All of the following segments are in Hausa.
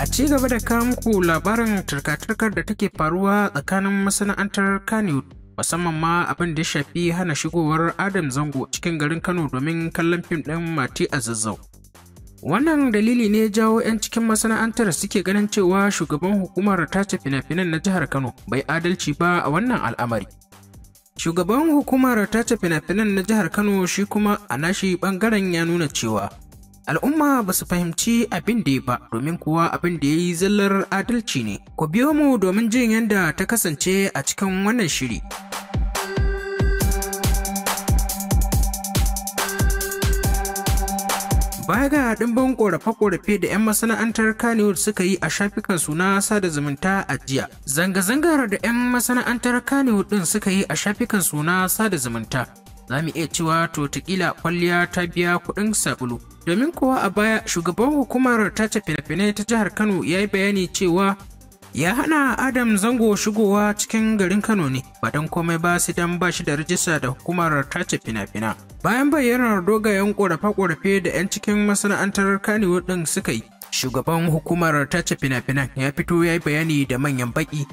A ci gaba da kawo muku labarin turka-turkar da take faruwa tsakanin masana'antar Kano musamman ma abin da ya shafi hana shigowar Adam Zango cikin garin Kano domin kallon fim ɗin Mati a zazzau. Wannan dalili ne jawo 'yan cikin masana'antar suke ganin cewa shugaban hukumar ta ce fina-finan na jihar Kano bai adalci ba a wannan al'amari. Shugaban hukumar ta ce fina-finan na jihar Kano shi kuma a nashi bangaren ya nuna cewa Al'umma ba su fahimci abin da ba domin kuwa abin da ya yi zallar adalci ne. Ku biyo mu domin jin yadda ta kasance a cikin wannan shiri. baya ga ɗimbin ƙorafe-ƙorafe da 'yan masana'antar kaniwood suka yi a shafikan su na sada zumunta a jiya zanga-zangar da 'yan masana'antar kaniwood ɗin suka yi a shafikan su na sada zumunta za mu iya cewa to tikila kwalliya ta biya kuɗin sabulu domin kowa a baya shugaban hukumar ce fina-finai ta jihar kano ya yi bayani cewa ya hana adam zango shigowa cikin garin kano ne ba don komai ba sai don ba shi da rajista da hukumar ce fina-fina bayan bayyanar dogayen ƙorafe-ƙorafe da 'yan cikin masana'antar kanewa ɗin suka yi shugaban hukumar ce fina-finan ya fito ya yi bayani da manyan baƙi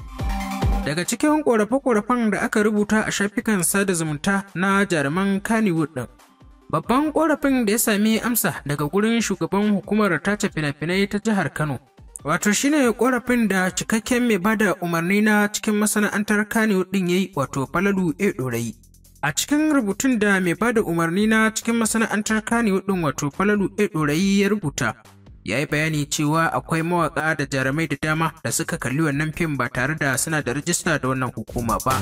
Daga cikin ƙorafe-ƙorafen da aka rubuta a shafikan sada zumunta na jaruman Kannywood ɗin. Babban ƙorafin da ya sami amsa daga gurin shugaban hukumar tace fina-finai ta jihar Kano. Wato shi ne ƙorafin da cikakken mai bada umarni na cikin masana'antar Kannywood ɗin ya yi wato Faladu A Ɗorayi. A cikin rubutun da mai bada umarni na cikin masana'antar Kannywood ɗin wato Faladu A Ɗorayi ya rubuta, ya yi bayani cewa akwai mawaƙa da jarumai da dama da suka kalli wannan fim ba tare da suna da rijista da wannan hukuma ba.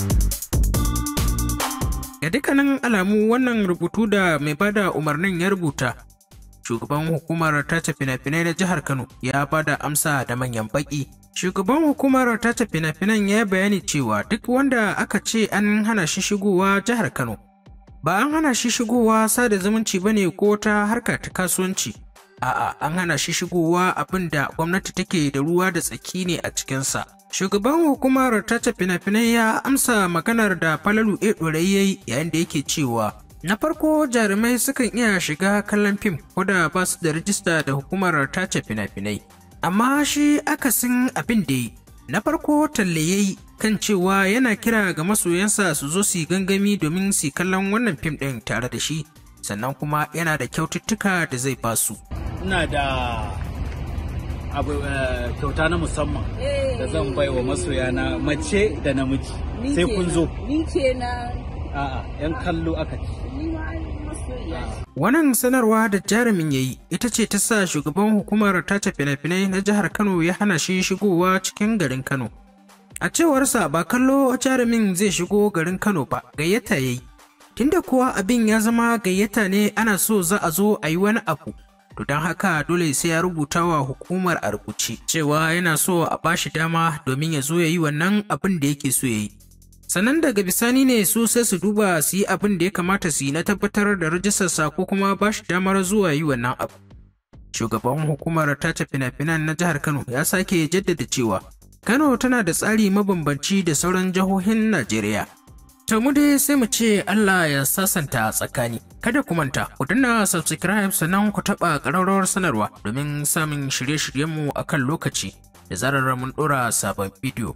Ga dukkanin alamu wannan rubutu da mai bada umarnin ya rubuta, shugaban hukumar tace fina-finai na jihar Kano ya bada amsa da manyan baƙi. Shugaban hukumar tace fina-finan ya bayani cewa duk wanda aka ce an hana shi shigowa jihar Kano, ba an hana shi shigowa sada zumunci bane ko ta harka ta kasuwanci. a'a an hana shi shigowa abin da gwamnati take da ruwa da tsaki ne a cikinsa shugaban hukumar ce fina-finai ya amsa maganar da falalu e ɗorayi yayin da yake cewa na farko jarumai sukan iya shiga kallon fim ko da ba su da rijista da hukumar ce fina-finai amma shi akasin abin da yi na farko talle ya yi kan cewa yana kira ga masoyansa su zo su yi gangami domin su kallon wannan fim ɗin tare da shi sannan kuma yana da kyaututtuka da zai basu. Ina da eh, kyauta na musamman da zan bai wa masoya na mace da namiji sai kun zo. Ni na. 'yan kallo aka ci. Wannan sanarwa da jarumin ya yi ita ce ta sa shugaban hukumar tace fina-finai na jihar Kano ya hana shi shigowa cikin garin Kano. A cewarsa ba kallo jarumin zai shigo garin Kano ba gayyata ya yi. Tunda kuwa abin ya zama gayyata ne ana so za a zo a yi wani abu, to don haka dole sai ya rubuta wa hukumar a rubuce cewa yana so a bashi dama domin ya zo ya yi wannan abin da yake so ya yi. sannan daga bisani ne su sai su duba su yi abin da ya kamata su yi na tabbatar da rajistarsa ko kuma bashi damar zuwa yi wannan abu shugaban hukumar tace fina-finan na jihar kano ya sake jaddada cewa kano tana da tsari mabambanci da sauran jihohin najeriya To mu dai sai mu ce Allah ya sasanta tsakani. Kada ku manta, ku danna subscribe sannan ku taɓa ƙararrawar sanarwa domin samun shirye-shiryenmu a kan lokaci da zarar mun ɗora sabon bidiyo.